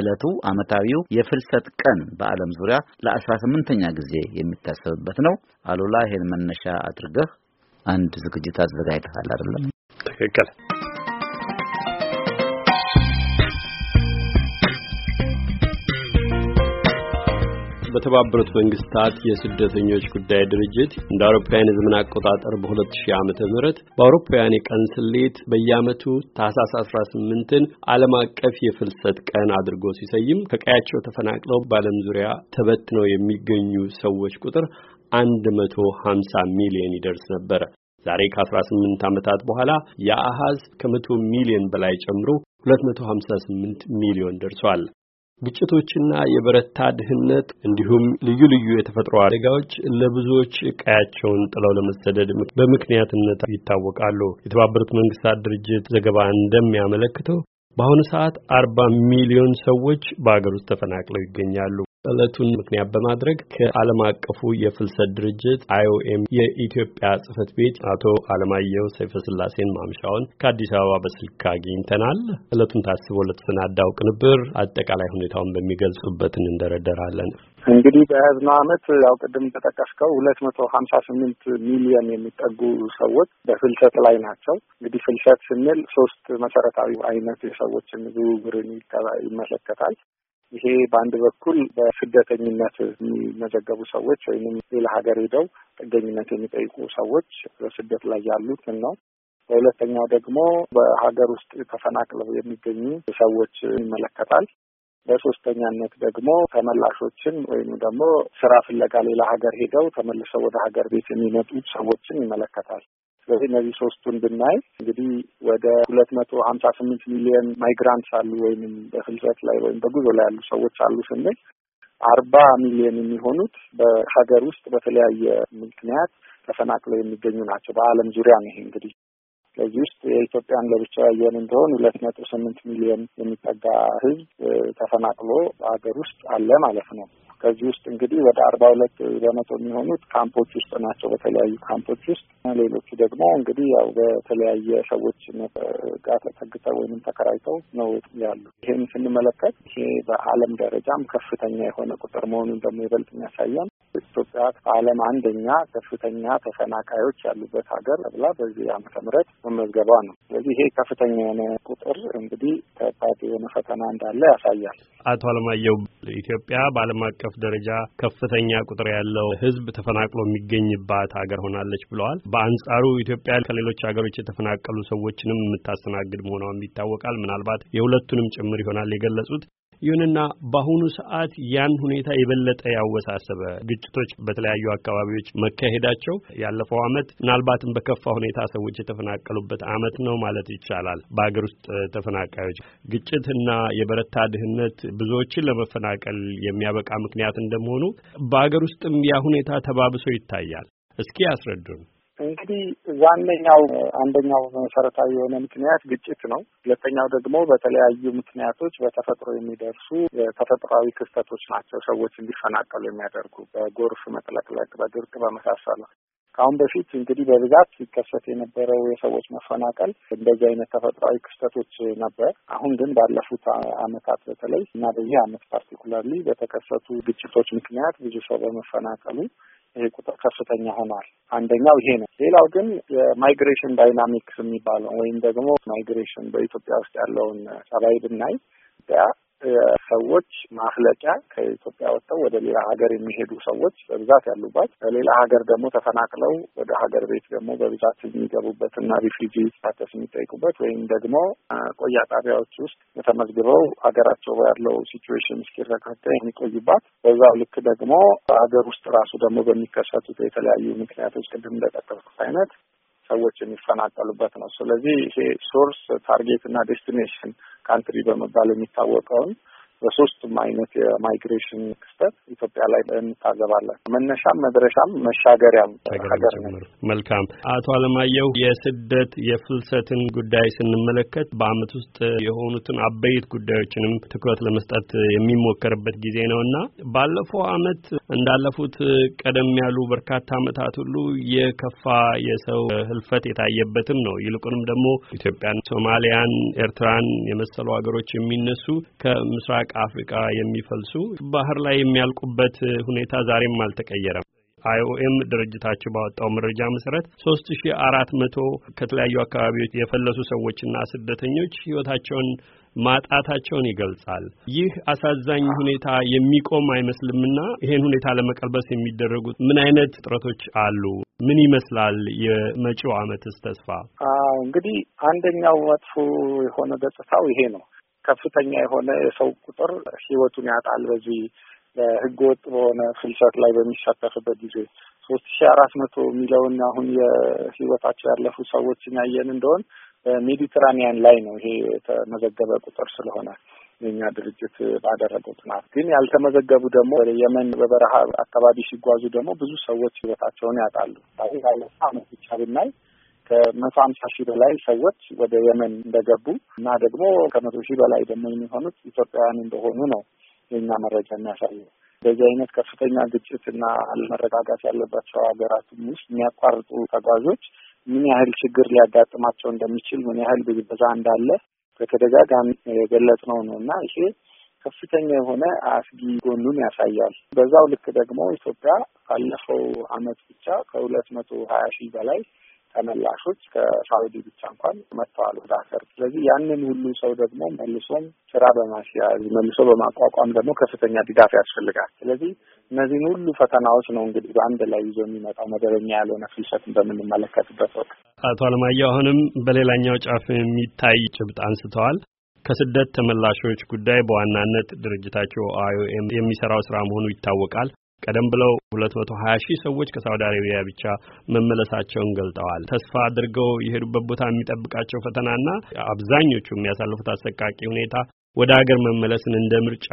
ዕለቱ ዓመታዊው የፍልሰት ቀን በዓለም ዙሪያ ለአስራ ስምንተኛ ጊዜ የሚታሰብበት ነው። አሉላ ይሄን መነሻ አድርገህ አንድ ዝግጅት አዘጋጅተሃል አይደለም? ትክክል። በተባበሩት መንግስታት የስደተኞች ጉዳይ ድርጅት እንደ አውሮፓውያን የዘመን አቆጣጠር በ2000 ዓመተ ምህረት በአውሮፓውያን የቀን ስሌት በየዓመቱ ታህሳስ 18ን ዓለም አቀፍ የፍልሰት ቀን አድርጎ ሲሰይም ከቀያቸው ተፈናቅለው በዓለም ዙሪያ ተበትነው የሚገኙ ሰዎች ቁጥር 150 ሚሊዮን ይደርስ ነበር። ዛሬ ከ18 ዓመታት በኋላ የአሃዝ ከመቶ ሚሊዮን በላይ ጨምሮ 258 ሚሊዮን ደርሷል። ግጭቶችና የበረታ ድህነት እንዲሁም ልዩ ልዩ የተፈጥሮ አደጋዎች ለብዙዎች ቀያቸውን ጥለው ለመሰደድ በምክንያትነት ይታወቃሉ። የተባበሩት መንግስታት ድርጅት ዘገባ እንደሚያመለክተው በአሁኑ ሰዓት አርባ ሚሊዮን ሰዎች በአገር ውስጥ ተፈናቅለው ይገኛሉ። ዕለቱን ምክንያት በማድረግ ከዓለም አቀፉ የፍልሰት ድርጅት አይኦኤም የኢትዮጵያ ጽህፈት ቤት አቶ አለማየሁ ሰይፈስላሴን ማምሻውን ከአዲስ አበባ በስልክ አግኝተናል። ዕለቱን ታስቦ ለተሰናዳው ቅንብር አጠቃላይ ሁኔታውን በሚገልጹበትን እንደረደራለን። እንግዲህ በያዝነው ዓመት ያው ቅድም ተጠቀስከው ሁለት መቶ ሀምሳ ስምንት ሚሊዮን የሚጠጉ ሰዎች በፍልሰት ላይ ናቸው። እንግዲህ ፍልሰት ስንል ሶስት መሰረታዊ አይነት የሰዎችን ዝውውርን ይመለከታል። ይሄ በአንድ በኩል በስደተኝነት የሚመዘገቡ ሰዎች ወይም ሌላ ሀገር ሄደው ጥገኝነት የሚጠይቁ ሰዎች በስደት ላይ ያሉትን ነው። በሁለተኛው ደግሞ በሀገር ውስጥ ተፈናቅለው የሚገኙ ሰዎች ይመለከታል። በሶስተኛነት ደግሞ ተመላሾችን ወይም ደግሞ ስራ ፍለጋ ሌላ ሀገር ሄደው ተመልሰው ወደ ሀገር ቤት የሚመጡ ሰዎችን ይመለከታል። ስለዚህ እነዚህ ሶስቱን ብናይ እንግዲህ ወደ ሁለት መቶ ሀምሳ ስምንት ሚሊዮን ማይግራንት አሉ ወይም በፍልሰት ላይ ወይም በጉዞ ላይ ያሉ ሰዎች አሉ ስንል አርባ ሚሊዮን የሚሆኑት በሀገር ውስጥ በተለያየ ምክንያት ተፈናቅለው የሚገኙ ናቸው። በዓለም ዙሪያ ነው ይሄ እንግዲህ ከዚህ ውስጥ የኢትዮጵያን ለብቻ ያየን እንደሆን ሁለት ነጥብ ስምንት ሚሊዮን የሚጠጋ ሕዝብ ተፈናቅሎ በሀገር ውስጥ አለ ማለት ነው። ከዚህ ውስጥ እንግዲህ ወደ አርባ ሁለት በመቶ የሚሆኑት ካምፖች ውስጥ ናቸው፣ በተለያዩ ካምፖች ውስጥ። ሌሎቹ ደግሞ እንግዲህ ያው በተለያየ ሰዎች ጋር ተጠግተው ወይም ተከራይተው ነው ያሉ። ይህን ስንመለከት ይሄ በዓለም ደረጃም ከፍተኛ የሆነ ቁጥር መሆኑን ደግሞ ይበልጥ የሚያሳየን ኢትዮጵያ በዓለም አንደኛ ከፍተኛ ተፈናቃዮች ያሉበት ሀገር ተብላ በዚህ ዓመተ ምህረት መመዝገቧ ነው። ስለዚህ ይሄ ከፍተኛ የሆነ ቁጥር እንግዲህ ከባድ የሆነ ፈተና እንዳለ ያሳያል። አቶ አለማየሁ ኢትዮጵያ በዓለም አቀፍ አቀፍ ደረጃ ከፍተኛ ቁጥር ያለው ሕዝብ ተፈናቅሎ የሚገኝባት ሀገር ሆናለች ብለዋል። በአንጻሩ ኢትዮጵያ ከሌሎች ሀገሮች የተፈናቀሉ ሰዎችንም የምታስተናግድ መሆኗም ይታወቃል። ምናልባት የሁለቱንም ጭምር ይሆናል የገለጹት። ይሁንና በአሁኑ ሰዓት ያን ሁኔታ የበለጠ ያወሳሰበ ግጭቶች በተለያዩ አካባቢዎች መካሄዳቸው ያለፈው ዓመት ምናልባትም በከፋ ሁኔታ ሰዎች የተፈናቀሉበት ዓመት ነው ማለት ይቻላል። በሀገር ውስጥ ተፈናቃዮች ግጭትና የበረታ ድህነት ብዙዎችን ለመፈናቀል የሚያበቃ ምክንያት እንደመሆኑ በሀገር ውስጥም ያ ሁኔታ ተባብሶ ይታያል። እስኪ ያስረዱን። እንግዲህ ዋነኛው አንደኛው መሰረታዊ የሆነ ምክንያት ግጭት ነው። ሁለተኛው ደግሞ በተለያዩ ምክንያቶች በተፈጥሮ የሚደርሱ ተፈጥሯዊ ክስተቶች ናቸው ሰዎች እንዲፈናቀሉ የሚያደርጉ በጎርፍ መጥለቅለቅ፣ በድርቅ በመሳሰሉ ከአሁን በፊት እንግዲህ በብዛት ሲከሰት የነበረው የሰዎች መፈናቀል እንደዚህ አይነት ተፈጥሯዊ ክስተቶች ነበር። አሁን ግን ባለፉት ዓመታት በተለይ እና በዚህ ዓመት ፓርቲኩላርሊ በተከሰቱ ግጭቶች ምክንያት ብዙ ሰው በመፈናቀሉ ይሄ ቁጥር ከፍተኛ ሆኗል። አንደኛው ይሄ ነው። ሌላው ግን የማይግሬሽን ዳይናሚክስ የሚባለው ወይም ደግሞ ማይግሬሽን በኢትዮጵያ ውስጥ ያለውን ጸባይ ብናይ ኢትዮጵያ ሰዎች ማፍለቂያ ከኢትዮጵያ ወጥተው ወደ ሌላ ሀገር የሚሄዱ ሰዎች በብዛት ያሉባት፣ ከሌላ ሀገር ደግሞ ተፈናቅለው ወደ ሀገር ቤት ደግሞ በብዛት የሚገቡበት እና ሪፊጂ ስታተስ የሚጠይቁበት ወይም ደግሞ ቆያ ጣቢያዎች ውስጥ ተመዝግበው ሀገራቸው ያለው ሲትዌሽን እስኪረጋጋ የሚቆይባት፣ በዛው ልክ ደግሞ በሀገር ውስጥ ራሱ ደግሞ በሚከሰቱት የተለያዩ ምክንያቶች ቅድም እንደጠቀስኩት አይነት ሰዎች የሚፈናቀሉበት ነው። ስለዚህ ይሄ ሶርስ ታርጌት እና ዴስቲኔሽን ካንትሪ በመባል የሚታወቀውን በሶስቱም አይነት የማይግሬሽን ክስተት ኢትዮጵያ ላይ እንታዘባለን። መነሻም መድረሻም መሻገሪያም ሀገር ነው። መልካም አቶ አለማየሁ የስደት የፍልሰትን ጉዳይ ስንመለከት በአመት ውስጥ የሆኑትን አበይት ጉዳዮችንም ትኩረት ለመስጠት የሚሞከርበት ጊዜ ነው እና ባለፈው አመት እንዳለፉት ቀደም ያሉ በርካታ አመታት ሁሉ የከፋ የሰው ህልፈት የታየበትም ነው። ይልቁንም ደግሞ ኢትዮጵያን፣ ሶማሊያን፣ ኤርትራን የመሰሉ ሀገሮች የሚነሱ ከምስራቅ አፍሪካ የሚፈልሱ ባህር ላይ የሚያልቁበት ሁኔታ ዛሬም አልተቀየረም። አይኦኤም ድርጅታቸው ባወጣው መረጃ መሰረት ሶስት ሺ አራት መቶ ከተለያዩ አካባቢዎች የፈለሱ ሰዎችና ስደተኞች ህይወታቸውን ማጣታቸውን ይገልጻል። ይህ አሳዛኝ ሁኔታ የሚቆም አይመስልምና ይሄን ሁኔታ ለመቀልበስ የሚደረጉት ምን አይነት ጥረቶች አሉ? ምን ይመስላል የመጪው አመትስ ተስፋ? እንግዲህ አንደኛው መጥፎ የሆነ ገጽታው ይሄ ነው። ከፍተኛ የሆነ የሰው ቁጥር ህይወቱን ያጣል። በዚህ ህገወጥ በሆነ ፍልሰት ላይ በሚሳተፍበት ጊዜ ሶስት ሺ አራት መቶ የሚለውን አሁን የህይወታቸው ያለፉ ሰዎች ያየን እንደሆን በሜዲትራኒያን ላይ ነው ይሄ የተመዘገበ ቁጥር ስለሆነ የኛ ድርጅት ባደረገው ጥናት ግን ያልተመዘገቡ ደግሞ ወደ የመን በበረሃ አካባቢ ሲጓዙ ደግሞ ብዙ ሰዎች ህይወታቸውን ያጣሉ። ባለፈው አመት ብቻ ብናይ ከመቶ ሀምሳ ሺህ በላይ ሰዎች ወደ የመን እንደገቡ እና ደግሞ ከመቶ ሺህ በላይ ደግሞ የሚሆኑት ኢትዮጵያውያን እንደሆኑ ነው የኛ መረጃ የሚያሳየው። በዚህ አይነት ከፍተኛ ግጭት እና አለመረጋጋት ያለባቸው ሀገራትም ውስጥ የሚያቋርጡ ተጓዦች ምን ያህል ችግር ሊያጋጥማቸው እንደሚችል ምን ያህል ብዝበዛ እንዳለ በተደጋጋሚ የገለጽነው ነው እና ይሄ ከፍተኛ የሆነ አስጊ ጎኑን ያሳያል። በዛው ልክ ደግሞ ኢትዮጵያ ካለፈው ዓመት ብቻ ከሁለት መቶ ሀያ ሺህ በላይ ተመላሾች ከሳውዲ ብቻ እንኳን መጥተዋል ወደ ሀገር። ስለዚህ ያንን ሁሉ ሰው ደግሞ መልሶም ስራ በማስያዝ መልሶ በማቋቋም ደግሞ ከፍተኛ ድጋፍ ያስፈልጋል። ስለዚህ እነዚህን ሁሉ ፈተናዎች ነው እንግዲህ በአንድ ላይ ይዞ የሚመጣው መደበኛ ያልሆነ ፍልሰትን በምንመለከትበት ወቅት። አቶ አለማየሁ አሁንም በሌላኛው ጫፍ የሚታይ ጭብጥ አንስተዋል። ከስደት ተመላሾች ጉዳይ በዋናነት ድርጅታቸው አይ የሚሰራው ስራ መሆኑ ይታወቃል። ቀደም ብለው 220 ሺህ ሰዎች ከሳውዲ አረቢያ ብቻ መመለሳቸውን ገልጠዋል። ተስፋ አድርገው የሄዱበት ቦታ የሚጠብቃቸው ፈተናና አብዛኞቹ የሚያሳልፉት አሰቃቂ ሁኔታ ወደ ሀገር መመለስን እንደ ምርጫ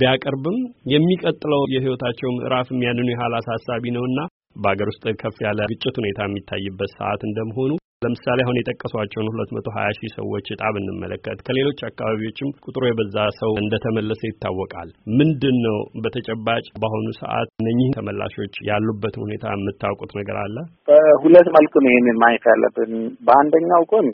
ቢያቀርብም የሚቀጥለው የህይወታቸው ምዕራፍ ያንኑ ያህል አሳሳቢ ነውና በሀገር ውስጥ ከፍ ያለ ግጭት ሁኔታ የሚታይበት ሰዓት እንደመሆኑ ለምሳሌ አሁን የጠቀሷቸውን 220 ሺህ ሰዎች እጣ ብንመለከት ከሌሎች አካባቢዎችም ቁጥሩ የበዛ ሰው እንደተመለሰ ይታወቃል። ምንድን ነው በተጨባጭ በአሁኑ ሰዓት እነኚህ ተመላሾች ያሉበት ሁኔታ የምታውቁት ነገር አለ? በሁለት መልኩ ነው ይህንን ማየት ያለብን። በአንደኛው ጎን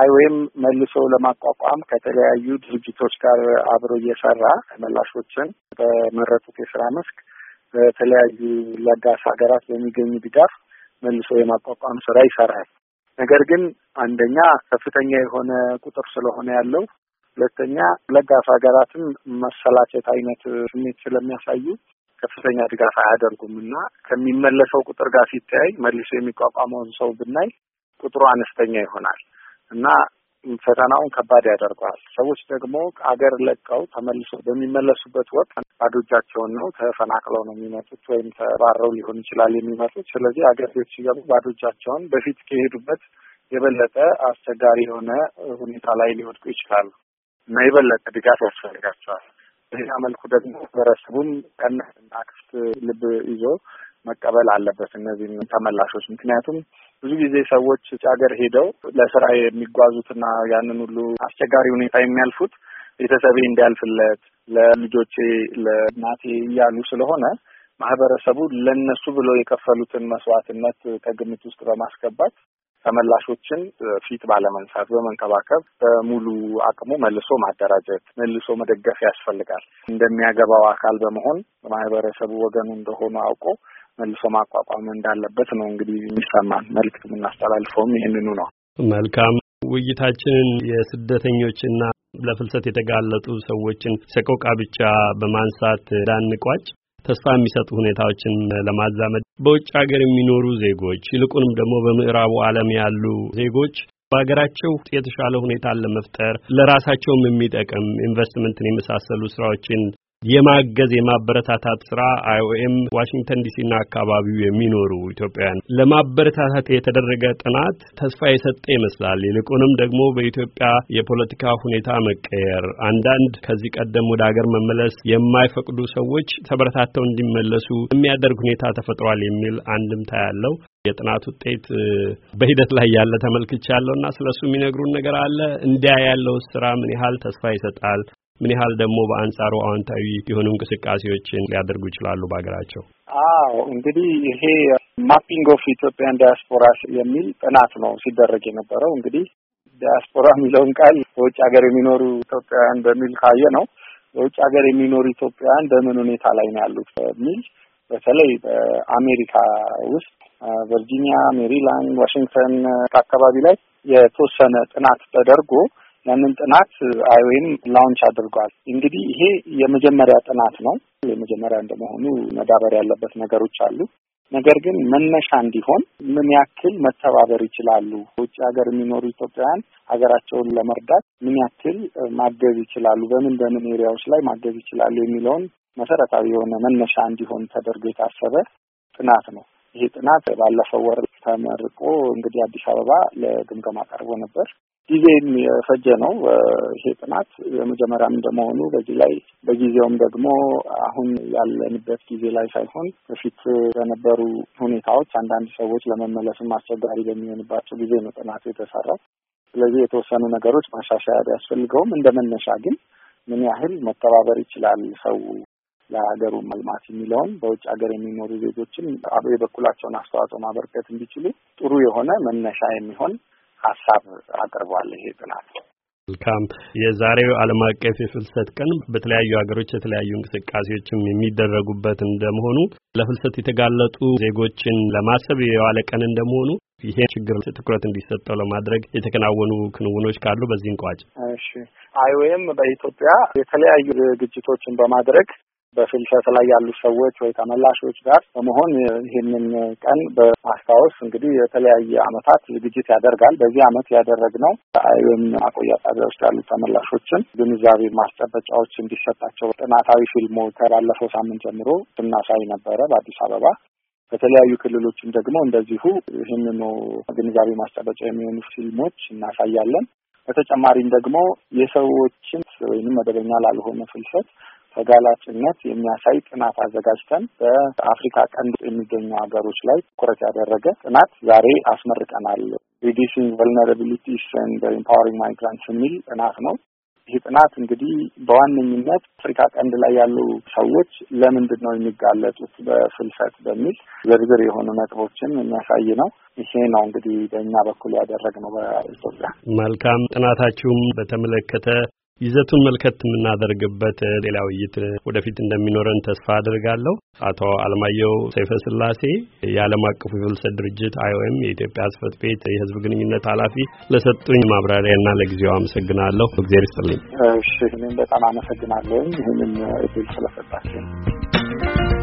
አይ ወይም መልሶ ለማቋቋም ከተለያዩ ድርጅቶች ጋር አብሮ እየሰራ ተመላሾችን በመረጡት የስራ መስክ በተለያዩ ለጋስ ሀገራት በሚገኙ ድጋፍ መልሶ የማቋቋም ስራ ይሰራል። ነገር ግን አንደኛ ከፍተኛ የሆነ ቁጥር ስለሆነ ያለው፣ ሁለተኛ ለጋሽ ሀገራትም መሰላቸት አይነት ስሜት ስለሚያሳዩ ከፍተኛ ድጋፍ አያደርጉም እና ከሚመለሰው ቁጥር ጋር ሲተያይ መልሶ የሚቋቋመውን ሰው ብናይ ቁጥሩ አነስተኛ ይሆናል እና ፈተናውን ከባድ ያደርገዋል። ሰዎች ደግሞ አገር ለቀው ተመልሶ በሚመለሱበት ወቅት ባዶ እጃቸውን ነው ተፈናቅለው ነው የሚመጡት፣ ወይም ተባረው ሊሆን ይችላል የሚመጡት። ስለዚህ አገር ቤት ሲገቡ ባዶ እጃቸውን በፊት ከሄዱበት የበለጠ አስቸጋሪ የሆነ ሁኔታ ላይ ሊወድቁ ይችላሉ እና የበለጠ ድጋፍ ያስፈልጋቸዋል። በሌላ መልኩ ደግሞ ማህበረሰቡም ቀና እና ክፍት ልብ ይዞ መቀበል አለበት እነዚህም ተመላሾች። ምክንያቱም ብዙ ጊዜ ሰዎች ውጭ ሀገር ሄደው ለስራ የሚጓዙትና ያንን ሁሉ አስቸጋሪ ሁኔታ የሚያልፉት ቤተሰቤ እንዲያልፍለት ለልጆቼ ለእናቴ እያሉ ስለሆነ ማህበረሰቡ ለነሱ ብሎ የከፈሉትን መስዋዕትነት ከግምት ውስጥ በማስገባት ተመላሾችን ፊት ባለመንሳት በመንከባከብ በሙሉ አቅሙ መልሶ ማደራጀት መልሶ መደገፍ ያስፈልጋል። እንደሚያገባው አካል በመሆን ማህበረሰቡ ወገኑ እንደሆኑ አውቆ መልሶ ማቋቋም እንዳለበት ነው እንግዲህ የሚሰማን መልእክት የምናስተላልፈውም ይህንኑ ነው። መልካም ውይይታችንን የስደተኞችና ለፍልሰት የተጋለጡ ሰዎችን ሰቆቃ ብቻ በማንሳት እንዳንቋጭ ተስፋ የሚሰጡ ሁኔታዎችን ለማዛመድ በውጭ ሀገር የሚኖሩ ዜጎች ይልቁንም ደግሞ በምዕራቡ ዓለም ያሉ ዜጎች በሀገራቸው የተሻለ ሁኔታን ለመፍጠር ለራሳቸውም የሚጠቅም ኢንቨስትመንትን የመሳሰሉ ስራዎችን የማገዝ የማበረታታት ስራ አይኦኤም ዋሽንግተን ዲሲ እና አካባቢው የሚኖሩ ኢትዮጵያውያን ለማበረታታት የተደረገ ጥናት ተስፋ የሰጠ ይመስላል። ይልቁንም ደግሞ በኢትዮጵያ የፖለቲካ ሁኔታ መቀየር፣ አንዳንድ ከዚህ ቀደም ወደ ሀገር መመለስ የማይፈቅዱ ሰዎች ተበረታተው እንዲመለሱ የሚያደርግ ሁኔታ ተፈጥሯል የሚል አንድምታ ያለው የጥናት ውጤት በሂደት ላይ ያለ ተመልክቻለሁ እና ስለ እሱ የሚነግሩን ነገር አለ። እንዲያ ያለው ስራ ምን ያህል ተስፋ ይሰጣል? ምን ያህል ደግሞ በአንጻሩ አዎንታዊ የሆኑ እንቅስቃሴዎችን ሊያደርጉ ይችላሉ በሀገራቸው? አዎ እንግዲህ ይሄ ማፒንግ ኦፍ ኢትዮጵያን ዳያስፖራ የሚል ጥናት ነው ሲደረግ የነበረው። እንግዲህ ዳያስፖራ የሚለውን ቃል በውጭ ሀገር የሚኖሩ ኢትዮጵያውያን በሚል ካየ ነው በውጭ ሀገር የሚኖሩ ኢትዮጵያውያን በምን ሁኔታ ላይ ነው ያሉት በሚል በተለይ በአሜሪካ ውስጥ ቨርጂኒያ፣ ሜሪላንድ፣ ዋሽንግተን አካባቢ ላይ የተወሰነ ጥናት ተደርጎ ያንን ጥናት አይወይም ላውንች አድርጓል። እንግዲህ ይሄ የመጀመሪያ ጥናት ነው። የመጀመሪያ እንደመሆኑ መዳበር ያለበት ነገሮች አሉ። ነገር ግን መነሻ እንዲሆን ምን ያክል መተባበር ይችላሉ፣ ውጭ ሀገር የሚኖሩ ኢትዮጵያውያን ሀገራቸውን ለመርዳት ምን ያክል ማገዝ ይችላሉ፣ በምን በምን ኤሪያዎች ላይ ማገዝ ይችላሉ የሚለውን መሰረታዊ የሆነ መነሻ እንዲሆን ተደርጎ የታሰበ ጥናት ነው። ይሄ ጥናት ባለፈው ወር ተመርቆ እንግዲህ አዲስ አበባ ለግምገማ ቀርቦ ነበር። ጊዜ የፈጀ ነው ይሄ ጥናት የመጀመሪያም እንደመሆኑ በዚህ ላይ በጊዜውም ደግሞ አሁን ያለንበት ጊዜ ላይ ሳይሆን በፊት በነበሩ ሁኔታዎች አንዳንድ ሰዎች ለመመለስም አስቸጋሪ በሚሆንባቸው ጊዜ ነው ጥናቱ የተሰራው። ስለዚህ የተወሰኑ ነገሮች ማሻሻያ ቢያስፈልገውም እንደ መነሻ ግን ምን ያህል መተባበር ይችላል ሰው ለሀገሩ መልማት የሚለውን በውጭ ሀገር የሚኖሩ ዜጎችን የበኩላቸውን አስተዋጽኦ ማበርከት እንዲችሉ ጥሩ የሆነ መነሻ የሚሆን ሀሳብ አቅርቧል ይሄ ጥናት። መልካም የዛሬው ዓለም አቀፍ የፍልሰት ቀን በተለያዩ ሀገሮች የተለያዩ እንቅስቃሴዎችም የሚደረጉበት እንደመሆኑ ለፍልሰት የተጋለጡ ዜጎችን ለማሰብ የዋለ ቀን እንደመሆኑ ይሄ ችግር ትኩረት እንዲሰጠው ለማድረግ የተከናወኑ ክንውኖች ካሉ በዚህ እንቋጭ። እሺ አይወይም በኢትዮጵያ የተለያዩ ዝግጅቶችን በማድረግ በፍልሰት ላይ ያሉ ሰዎች ወይ ተመላሾች ጋር በመሆን ይህንን ቀን በማስታወስ እንግዲህ የተለያየ አመታት ዝግጅት ያደርጋል። በዚህ ዓመት ያደረግነው አይወም ማቆያ ጣቢያ ውስጥ ያሉ ተመላሾችን ግንዛቤ ማስጨበጫዎች እንዲሰጣቸው ጥናታዊ ፊልሞ ከባለፈው ሳምንት ጀምሮ ስናሳይ ነበረ በአዲስ አበባ። በተለያዩ ክልሎችም ደግሞ እንደዚሁ ይህንኑ ግንዛቤ ማስጨበጫ የሚሆኑ ፊልሞች እናሳያለን። በተጨማሪም ደግሞ የሰዎችን ወይም መደበኛ ላልሆነ ፍልሰት ተጋላጭነት የሚያሳይ ጥናት አዘጋጅተን በአፍሪካ ቀንድ የሚገኙ ሀገሮች ላይ ትኩረት ያደረገ ጥናት ዛሬ አስመርቀናል። ሪዲሲንግ ቨልነራቢሊቲስ ኤንድ ኢምፓወሪንግ ማይግራንትስ የሚል ጥናት ነው። ይህ ጥናት እንግዲህ በዋነኝነት አፍሪካ ቀንድ ላይ ያሉ ሰዎች ለምንድን ነው የሚጋለጡት በፍልሰት በሚል ዝርዝር የሆኑ ነጥቦችን የሚያሳይ ነው። ይሄ ነው እንግዲህ በእኛ በኩል ያደረግነው በኢትዮጵያ። መልካም ጥናታችሁም በተመለከተ ይዘቱን መልከት የምናደርግበት ሌላ ውይይት ወደፊት እንደሚኖረን ተስፋ አድርጋለሁ። አቶ አለማየሁ ሰይፈ ስላሴ የዓለም አቀፉ የፍልሰት ድርጅት አይኦኤም የኢትዮጵያ ጽሕፈት ቤት የሕዝብ ግንኙነት ኃላፊ ለሰጡኝ ማብራሪያና ለጊዜው አመሰግናለሁ። እግዜር ይስጥልኝ። እሺ፣ እኔም በጣም አመሰግናለሁ ይህንን እድል ስለሰጣችሁ።